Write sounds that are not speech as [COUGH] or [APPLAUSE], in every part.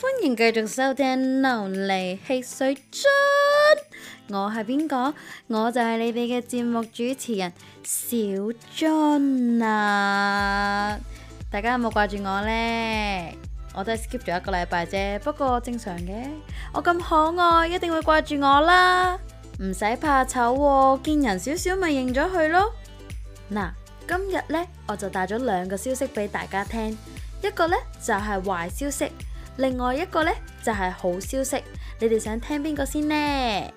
歡迎繼續收聽《流離汽水樽》，我係邊個？我就係你哋嘅節目主持人小樽啊！大家有冇掛住我呢？我都係 skip 咗一個禮拜啫，不過正常嘅。我咁可愛，一定會掛住我啦！唔使怕醜，見人少少咪認咗佢咯。嗱，今日呢我就帶咗兩個消息俾大家聽，一個呢就係壞消息。另外一個呢，就係好消息，你哋想聽邊個先呢？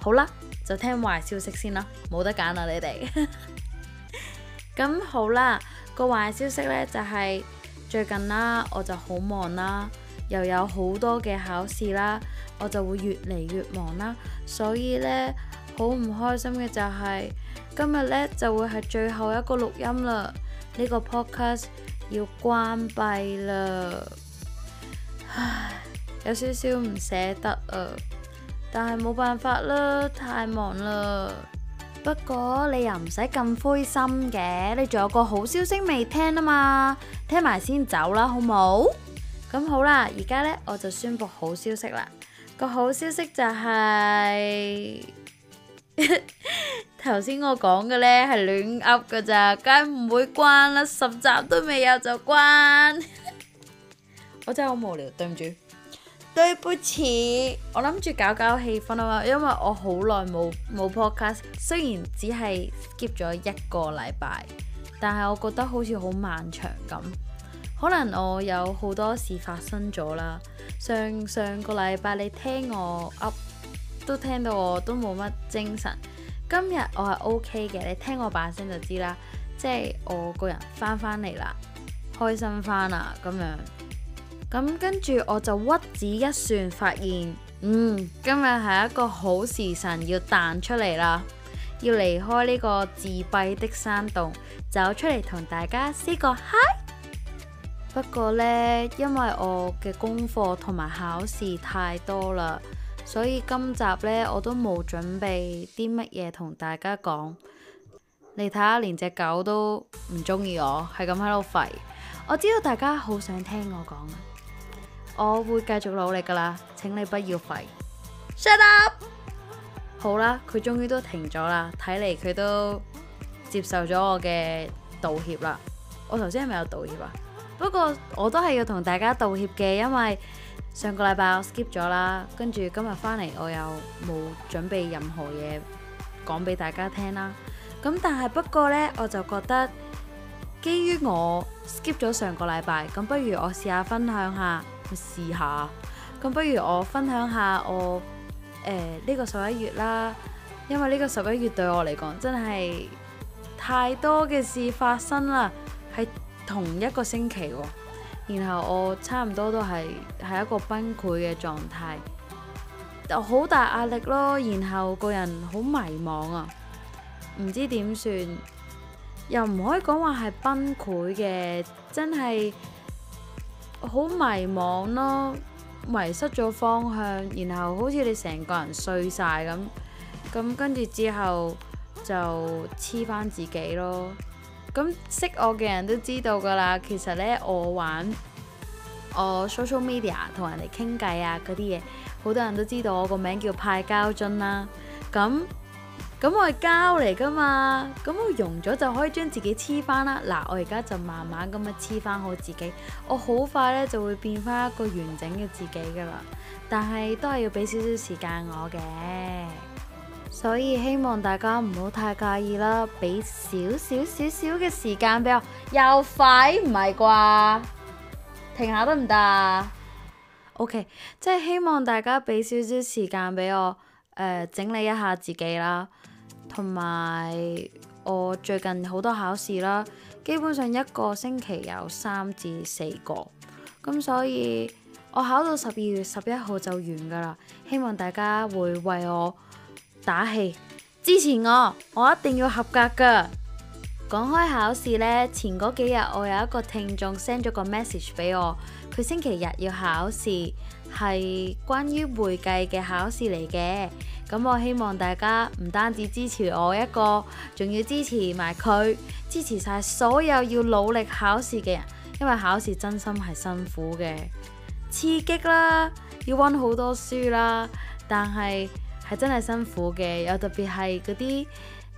好啦，就聽壞消息先啦，冇得揀啦、啊，你哋咁 [LAUGHS] 好啦。個壞消息呢、就是，就係最近啦，我就好忙啦，又有好多嘅考試啦，我就會越嚟越忙啦，所以呢，好唔開心嘅就係、是、今日呢，就會係最後一個錄音啦，呢、呢個 podcast 要關閉啦。唉，有少少唔捨得啊，但係冇辦法啦，太忙啦。不過你又唔使咁灰心嘅，你仲有個好消息未聽啊嘛，聽埋先走啦，好唔好？咁好啦，而家呢，我就宣布好消息啦。個好消息就係頭先我講嘅呢係亂噏㗎咋，梗唔會關啦，十集都未有就關。我真係好無聊，對唔住，對不起。不起我諗住搞搞氣氛啊嘛，因為我好耐冇冇 podcast，雖然只係 skip 咗一個禮拜，但係我覺得好似好漫長咁。可能我有好多事發生咗啦。上上個禮拜你聽我 up 都聽到我都冇乜精神。今日我係 OK 嘅，你聽我把聲就知啦。即係我個人翻返嚟啦，開心翻啦，咁樣。咁跟住我就屈指一算，發現嗯，今日係一個好時辰，要彈出嚟啦，要離開呢個自閉的山洞，走出嚟同大家 say 個 hi。不過呢，因為我嘅功課同埋考試太多啦，所以今集呢，我都冇準備啲乜嘢同大家講。你睇下，連隻狗都唔中意我，係咁喺度吠。我知道大家好想聽我講。我會繼續努力噶啦，請你不要吠。Shut up！好啦，佢終於都停咗啦，睇嚟佢都接受咗我嘅道歉啦。我頭先係咪有道歉啊？不過我都係要同大家道歉嘅，因為上個禮拜我 skip 咗啦，跟住今日翻嚟我又冇準備任何嘢講俾大家聽啦。咁但係不過呢，我就覺得基於我 skip 咗上個禮拜，咁不如我試下分享下。試下，咁不如我分享下我誒呢、呃呢個十一月啦，因為呢個十一月對我嚟講真係太多嘅事發生啦，係同一個星期喎、哦，然後我差唔多都係係一個崩潰嘅狀態，好大壓力咯，然後個人好迷茫啊，唔知點算，又唔可以講話係崩潰嘅，真係。好迷茫咯，迷失咗方向，然後好似你成個人碎晒咁，咁跟住之後就黐翻自己咯。咁識我嘅人都知道㗎啦，其實呢，我玩我 social media 同人哋傾偈啊嗰啲嘢，好多人都知道我個名叫派膠樽啦。咁咁我係膠嚟噶嘛，咁我溶咗就可以將自己黐翻啦。嗱，我而家就慢慢咁樣黐翻好自己，我好快呢就會變翻一個完整嘅自己噶啦。但係都係要俾少少時間我嘅，所以希望大家唔好太介意啦，俾少少少少嘅時間俾我。又快唔係啩？停下得唔得？OK，即係希望大家俾少少時間俾我，誒、呃、整理一下自己啦。同埋我最近好多考試啦，基本上一個星期有三至四個，咁所以我考到十二月十一號就完㗎喇。希望大家會為我打氣支持我，我一定要合格㗎。講開考試呢，前嗰幾日我有一個聽眾 send 咗個 message 俾我，佢星期日要考試，係關於會計嘅考試嚟嘅。咁我希望大家唔單止支持我一個，仲要支持埋佢，支持晒所有要努力考試嘅人，因為考試真心係辛苦嘅，刺激啦，要溫好多書啦，但係係真係辛苦嘅，有特別係嗰啲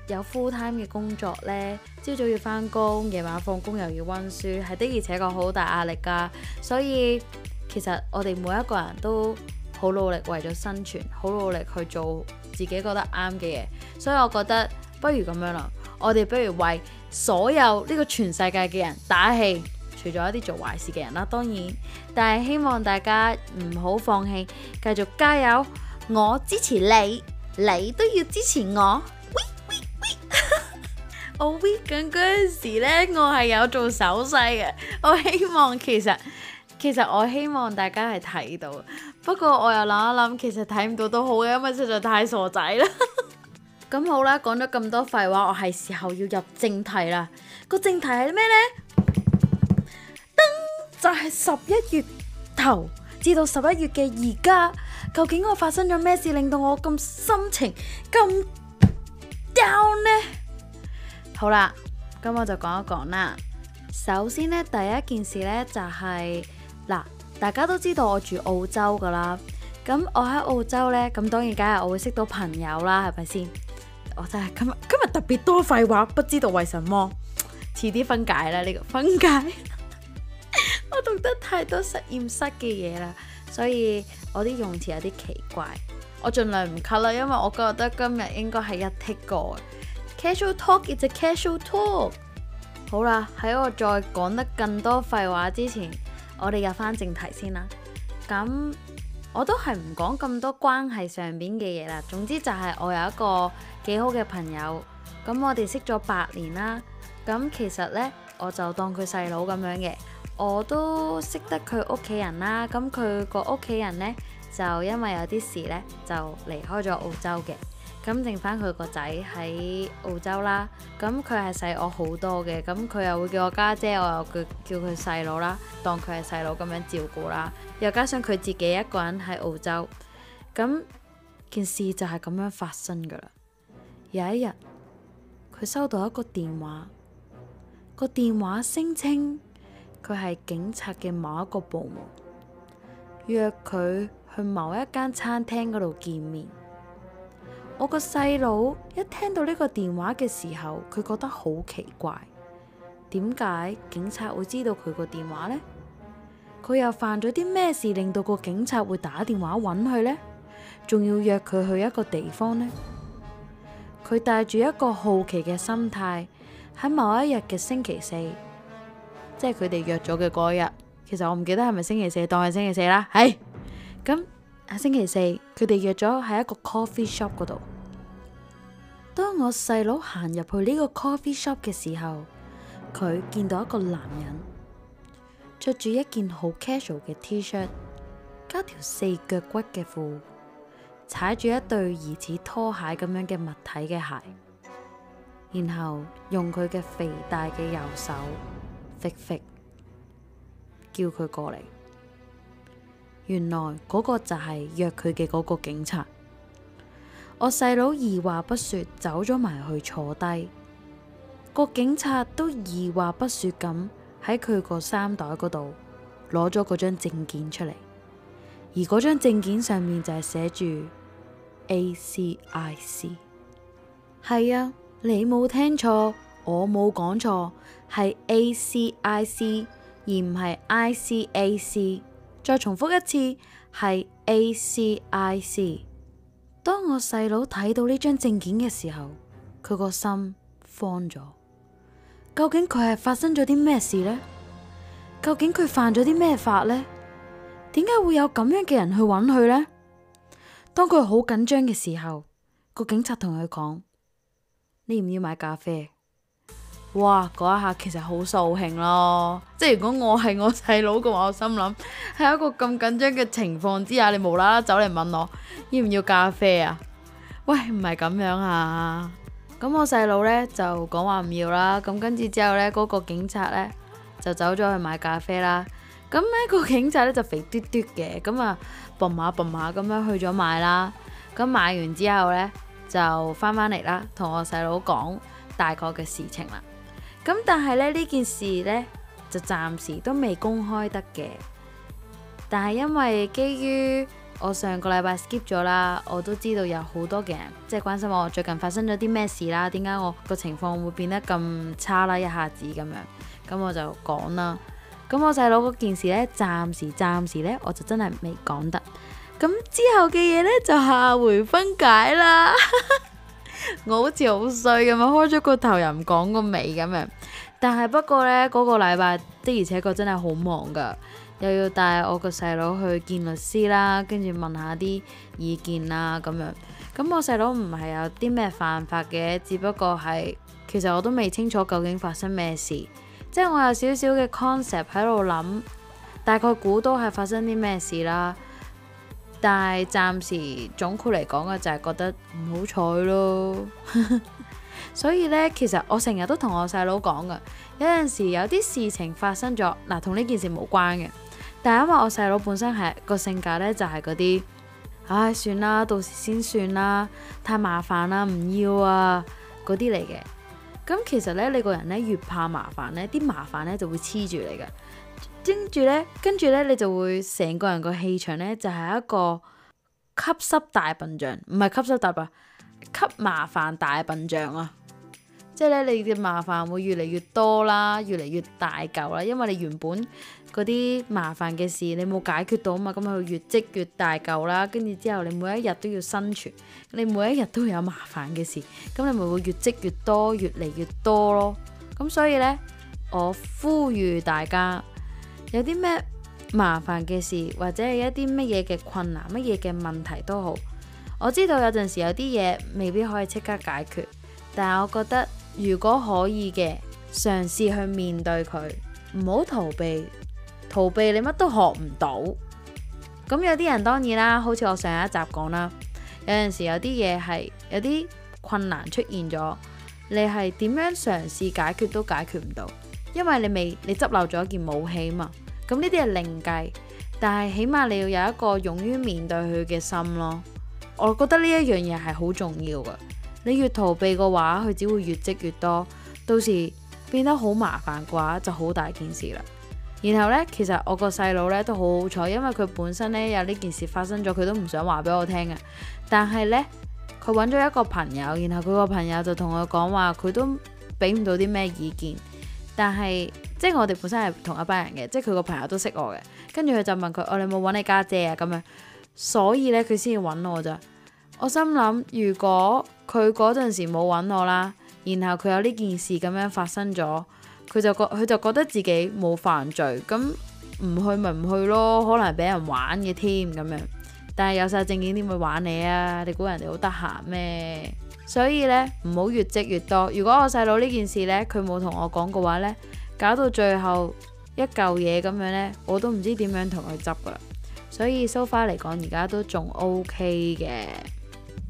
有 full time 嘅工作呢，朝早要返工，夜晚放工又要溫書，係的而且確好大壓力噶，所以其實我哋每一個人都。好努力為咗生存，好努力去做自己覺得啱嘅嘢，所以我覺得不如咁樣啦。我哋不如為所有呢個全世界嘅人打氣，除咗一啲做壞事嘅人啦。當然，但係希望大家唔好放棄，繼續加油。 [MUSIC] 我支持你，你都要支持我。喂，喂，喂。 [LAUGHS] 我 wave 緊嗰陣時呢，我係有做手勢嘅。我希望其實其實我希望大家係睇到。不過我又諗一諗，其實睇唔到都好嘅，因為實在太傻仔啦。咁 [LAUGHS] 好啦，講咗咁多廢話，我係時候要入正題啦。個正題係咩呢？燈就係十一月頭至到十一月嘅而家，究竟我發生咗咩事令到我咁心情咁 down 呢？好啦，咁我就講一講啦。首先呢，第一件事呢，就係、是。大家都知道我住澳洲㗎啦，咁我喺澳洲呢，咁當然梗係我會識到朋友啦，係咪先？我真係今日今日特別多廢話，不知道為什麼。遲啲分解啦，呢個分解。 [LAUGHS] 我讀得太多實驗室嘅嘢啦，所以我啲用詞有啲奇怪。我盡量唔 cut 啦，因為我覺得今日應該係一 tick 過。Casual talk is a casual talk。好啦，喺我再講得更多廢話之前。我哋入翻正題先啦，咁我都係唔講咁多關係上邊嘅嘢啦。總之就係我有一個幾好嘅朋友，咁我哋識咗八年啦。咁其實呢，我就當佢細佬咁樣嘅，我都識得佢屋企人啦。咁佢個屋企人呢，就因為有啲事呢，就離開咗澳洲嘅。咁剩翻佢個仔喺澳洲啦，咁佢係細我好多嘅，咁佢又會叫我家姐，我又叫叫佢細佬啦，當佢係細佬咁樣照顧啦。又加上佢自己一個人喺澳洲，咁件事就係咁樣發生噶啦。有一日，佢收到一個電話，個電話聲稱佢係警察嘅某一個部門，約佢去某一間餐廳嗰度見面。我個細佬一聽到呢個電話嘅時候，佢覺得好奇怪，點解警察會知道佢個電話呢？佢又犯咗啲咩事令到個警察會打電話揾佢呢？仲要約佢去一個地方呢？佢帶住一個好奇嘅心態喺某一日嘅星期四，即係佢哋約咗嘅嗰日。其實我唔記得係咪星期四，當係星期四啦。係咁，喺星期四佢哋約咗喺一個 coffee shop 嗰度。當我細佬行入去呢個 coffee shop 嘅時候，佢見到一個男人，着住一件好 casual 嘅 T-shirt，加條四腳骨嘅褲，踩住一對疑似拖鞋咁樣嘅物體嘅鞋，然後用佢嘅肥大嘅右手揈揈，F ick F ick, 叫佢過嚟。原來嗰個就係約佢嘅嗰個警察。我細佬二話不說走咗埋去坐低，個警察都二話不說咁喺佢個衫袋嗰度攞咗嗰張證件出嚟，而嗰張證件上面就係寫住 ACIC。係啊，你冇聽錯，我冇講錯，係 ACIC，而唔係 ICAC。再重複一次，係 ACIC。當我細佬睇到呢張證件嘅時候，佢個心慌咗。究竟佢係發生咗啲咩事呢？究竟佢犯咗啲咩法呢？點解會有咁樣嘅人去揾佢呢？當佢好緊張嘅時候，個警察同佢講：你唔要買咖啡。哇！嗰一下其實好掃興咯，即係如果我係我細佬嘅話，我心諗喺一個咁緊張嘅情況之下，你無啦啦走嚟問我要唔要咖啡啊？喂，唔係咁樣嚇啊。咁我細佬呢就講話唔要啦。咁跟住之後呢，嗰個警察呢就走咗去買咖啡啦。咁呢個警察呢就肥嘟嘟嘅，咁啊，嘣下嘣下咁樣去咗買啦。咁買完之後呢，就翻返嚟啦，同我細佬講大概嘅事情啦。咁但係咧呢件事呢，就暫時都未公開得嘅，但係因為基於我上個禮拜 skip 咗啦，我都知道有好多嘅人即係關心我最近發生咗啲咩事啦，點解我個情況會，會變得咁差啦一下子咁樣，咁我就講啦，咁我細佬嗰件事呢，暫時暫時呢，我就真係未講得，咁之後嘅嘢呢，就下回分解啦。 [LAUGHS] 我好似好衰咁樣，開咗個頭又唔講個尾咁樣。但係不過呢，嗰、嗰個禮拜的而且確真係好忙噶，又要帶我個細佬去見律師啦，跟住問一下啲意見啦咁樣。咁、嗯、我細佬唔係有啲咩犯法嘅，只不過係，其實我都未清楚究竟發生咩事，即係我有少少嘅 concept 喺度諗，大概估到係發生啲咩事啦。但係暫時總括嚟講嘅就係、是、覺得唔好彩咯， [LAUGHS] 所以呢，其實我成日都同我細佬講嘅，有陣時有啲事情發生咗，嗱同呢件事冇關嘅，但係因為我細佬本身係個性格呢，就係嗰啲，唉算啦，到時先算啦，太麻煩啦，唔要啊嗰啲嚟嘅。咁其實呢，你個人呢，越怕麻煩，麻煩呢，啲麻煩呢就會黐住你嘅。跟住呢，跟住咧，你就會成個人個氣場呢，就係一個吸濕大笨象，唔係吸濕大笨，吸麻煩大笨象啊！即係呢，你嘅麻煩會越嚟越多啦，越嚟越大舊啦。因為你原本嗰啲麻煩嘅事你冇解決到啊嘛，咁佢越積越大舊啦。跟住之後，你每一日都要生存，你每一日都會有麻煩嘅事，咁你咪會越積越多，越嚟越多咯。咁所以呢，我呼籲大家。有啲咩麻煩嘅事，或者係一啲乜嘢嘅困難，乜嘢嘅問題都好，我知道有陣時有啲嘢未必可以即刻解決，但係我覺得如果可以嘅，嘗試去面對佢，唔好逃避，逃避你乜都學唔到。咁有啲人當然啦，好似我上一集講啦，有陣時有啲嘢係有啲困難出現咗，你係點樣嘗試解決都解決唔到，因為你未你執漏咗一件武器嘛。咁呢啲係另計，但係起碼你要有一個勇於面對佢嘅心咯。我覺得呢一樣嘢係好重要㗎。你越逃避嘅話，佢只會越積越多，到時變得好麻煩嘅話，就好大件事啦。然後呢，其實我個細佬呢都好好彩，因為佢本身呢有呢件事發生咗，佢都唔想話俾我聽嘅。但係呢，佢揾咗一個朋友，然後佢個朋友就同佢講話，佢都俾唔到啲咩意見，但係。即係我哋本身係同一班人嘅，即係佢個朋友都識我嘅。跟住佢就問佢：我、哦、你冇揾你家姐啊？咁樣，所以呢，佢先要揾我咋。我心諗，如果佢嗰陣時冇揾我啦，然後佢有呢件事咁樣發生咗，佢就覺佢就覺得自己冇犯罪咁唔去咪唔去咯，可能係俾人玩嘅添咁樣。但係有晒證件點會玩你啊？你估人哋好得閒咩？所以呢，唔好越積越多。如果我細佬呢件事呢，佢冇同我講嘅話呢搞到最後一嚿嘢咁樣呢，我都唔知點樣同佢執噶啦。所以 so far 嚟講，而家都仲 OK 嘅。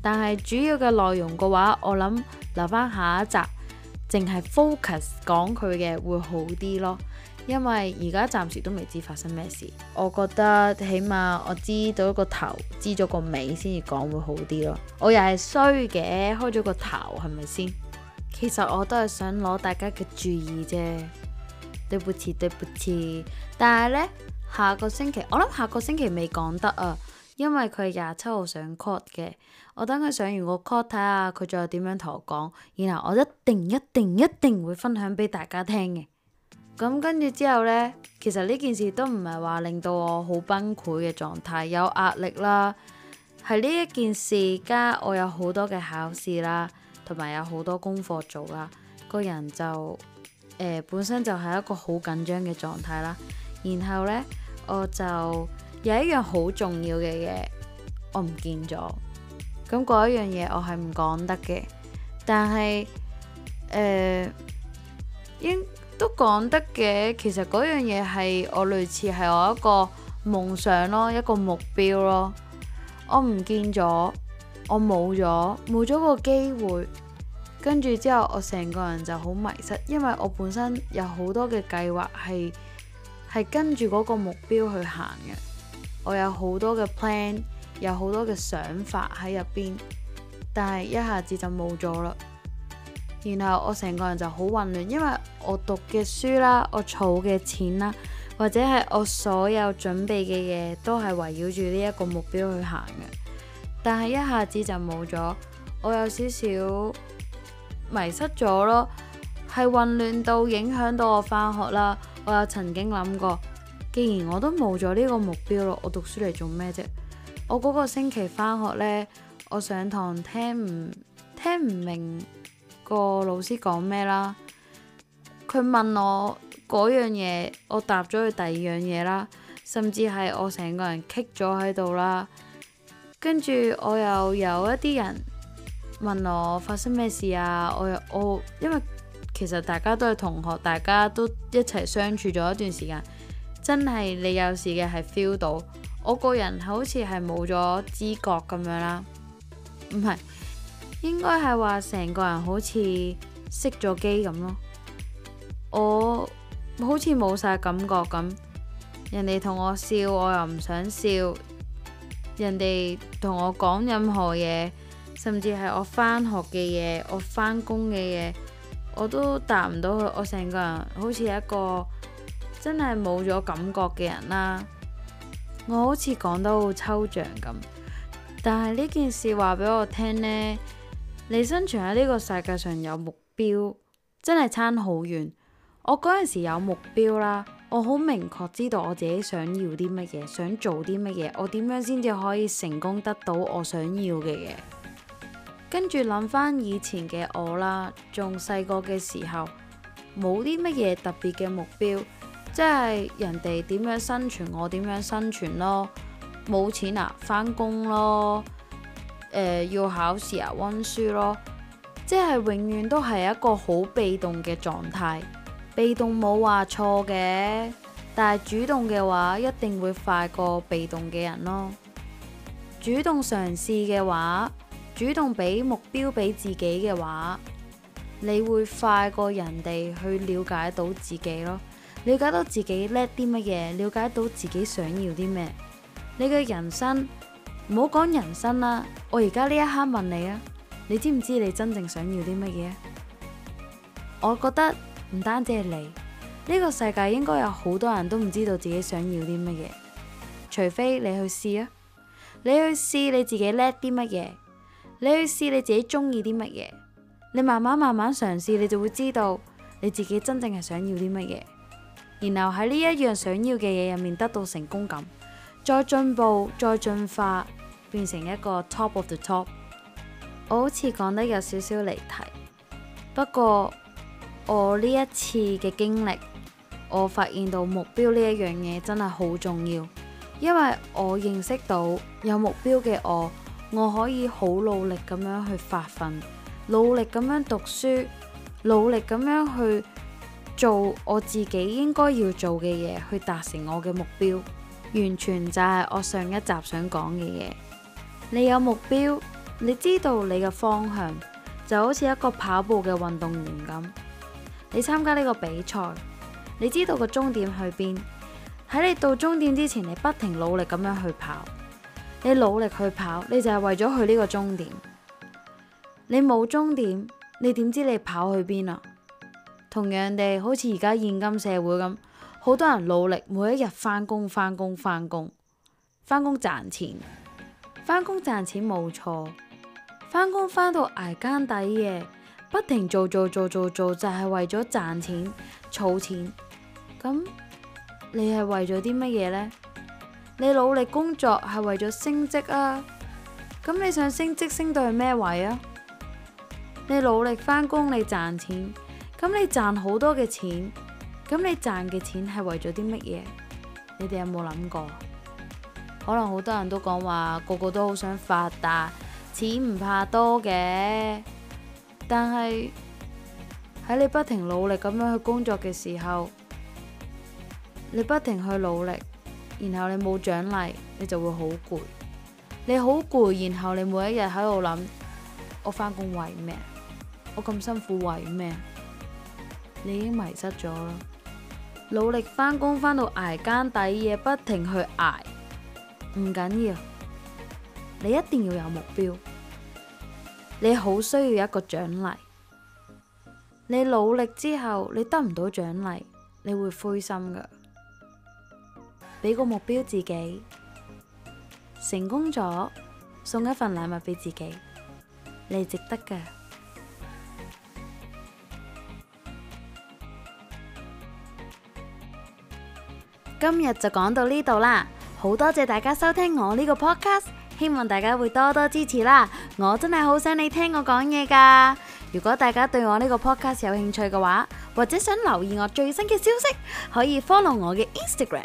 但係主要嘅內容嘅話，我諗留翻下一集，淨係 focus 講佢嘅會好啲咯。因為而家暫時都未知發生咩事，我覺得起碼我知道個頭，知咗個尾先至講會好啲咯。我又係衰嘅，開咗個頭係咪先？其實我都係想攞大家嘅注意啫。對不起，對不起。但係呢，下個星期我諗下個星期未講得啊，因為佢係廿七號上 c o u r t 嘅。我等佢上完個 court 睇下佢再點樣同我講，然後我一定一定一定會分享俾大家聽嘅。咁跟住之後呢，其實呢件事都唔係話令到我好崩潰嘅狀態，有壓力啦。係呢一件事加我有好多嘅考試啦，同埋有好多功課做啦，個人就。呃、本身就係一個好緊張嘅狀態啦，然後呢，我就有一樣好重要嘅嘢我唔見咗，咁嗰一樣嘢我係唔講得嘅，但係誒、呃、應都講得嘅，其實嗰樣嘢係我類似係我一個夢想咯，一個目標咯，我唔見咗，我冇咗冇咗個機會。跟住之後，我成個人就好迷失，因為我本身有好多嘅計劃係係跟住嗰個目標去行嘅。我有好多嘅 plan，有好多嘅想法喺入邊，但係一下子就冇咗啦。然後我成個人就好混亂，因為我讀嘅書啦，我儲嘅錢啦，或者係我所有準備嘅嘢，都係圍繞住呢一個目標去行嘅。但係一下子就冇咗，我有少少。迷失咗咯，係混亂到影響到我翻學啦。我又曾經諗過，既然我都冇咗呢個目標咯，我讀書嚟做咩啫？我嗰個星期翻學呢，我上堂聽唔聽唔明個老師講咩啦？佢問我嗰樣嘢，我答咗佢第二樣嘢啦，甚至係我成個人棘咗喺度啦。跟住我又有一啲人。問我發生咩事啊？我又我因為其實大家都係同學，大家都一齊相處咗一段時間，真係你有時嘅係 feel 到我個人好似係冇咗知覺咁樣啦，唔係應該係話成個人好似熄咗機咁咯，我好似冇晒感覺咁，人哋同我笑我又唔想笑，人哋同我講任何嘢。甚至係我返學嘅嘢，我返工嘅嘢，我都答唔到佢。我成個人好似一個真係冇咗感覺嘅人啦。我好似講得好抽象咁，但係呢件事話俾我聽呢：你生存喺呢個世界上有目標，真係差好遠。我嗰陣時有目標啦，我好明確知道我自己想要啲乜嘢，想做啲乜嘢，我點樣先至可以成功得到我想要嘅嘢。跟住諗翻以前嘅我啦，仲細個嘅時候冇啲乜嘢特別嘅目標，即係人哋點樣生存，我點樣生存咯。冇錢啊，返工咯，呃，要考試啊，溫書咯。即係永遠都係一個好被動嘅狀態。被動冇話錯嘅，但係主動嘅話，一定會快過被動嘅人咯。主動嘗試嘅話。主動俾目標俾自己嘅話，你會快過人哋去了解到自己咯。了解到自己叻啲乜嘢，了解到自己想要啲咩，你嘅人生，唔好講人生啦。我而家呢一刻問你啊，你知唔知你真正想要啲乜嘢？我覺得唔單止係你，呢個世界應該有好多人都唔知道自己想要啲乜嘢，除非你去試啊，你去試你自己叻啲乜嘢。你去試你自己中意啲乜嘢，你慢慢慢慢嘗試，你就會知道你自己真正係想要啲乜嘢。然後喺呢一樣想要嘅嘢入面得到成功感，再進步，再進化，變成一個 top of the top。我好似講得有少少離題，不過我呢一次嘅經歷，我發現到目標呢一樣嘢真係好重要，因為我認識到有目標嘅我。我可以好努力咁樣去發奮，努力咁樣讀書，努力咁樣去做我自己應該要做嘅嘢，去達成我嘅目標。完全就係我上一集想講嘅嘢。你有目標，你知道你嘅方向，就好似一個跑步嘅運動員咁。你參加呢個比賽，你知道個終點去邊。喺你到終點之前，你不停努力咁樣去跑。你努力去跑，你就係為咗去呢個終點。你冇終點，你點知你跑去邊啊？同樣地，好似而家現今社會咁，好多人努力，每一日返工返工返工返工賺錢，返工賺錢冇錯，返工返到捱更抵夜，不停做做做做做、做，就係為咗賺錢、儲錢。咁你係為咗啲乜嘢呢？你努力工作係為咗升職啊，咁你想升職升到去咩位啊？你努力返工，你賺錢，咁你賺好多嘅錢，咁你賺嘅錢係為咗啲乜嘢？你哋有冇諗過？可能好多人都講話個個都好想發達，錢唔怕多嘅，但係喺你不停努力咁樣去工作嘅時候，你不停去努力。然後你冇獎勵，你就會好攰。你好攰，然後你每一日喺度諗，我返工為咩？我咁辛苦為咩？你已經迷失咗啦。努力返工返到挨間底嘢，不停去挨，唔緊要。你一定要有目標。你好需要一個獎勵。你努力之後，你得唔到獎勵，你會灰心噶。俾個目標自己，成功咗，送一份禮物俾自己，你係值得㗎。今日就講到呢度啦，好多謝大家收聽我呢個 podcast，希望大家會多多支持啦。我真係好想你聽我講嘢噶。如果大家對我呢個 podcast 有興趣嘅話，或者想留意我最新嘅消息，可以 follow 我嘅 Instagram。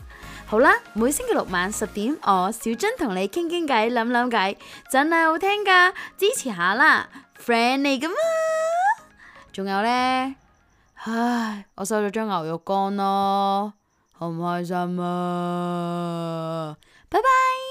好啦，每星期六晚十點，我小珍同你傾傾偈，諗諗計，真係好聽噶，支持下啦，friend 嚟噶嘛，仲有呢？唉，我收咗張牛肉乾咯，好唔開心啊，拜拜。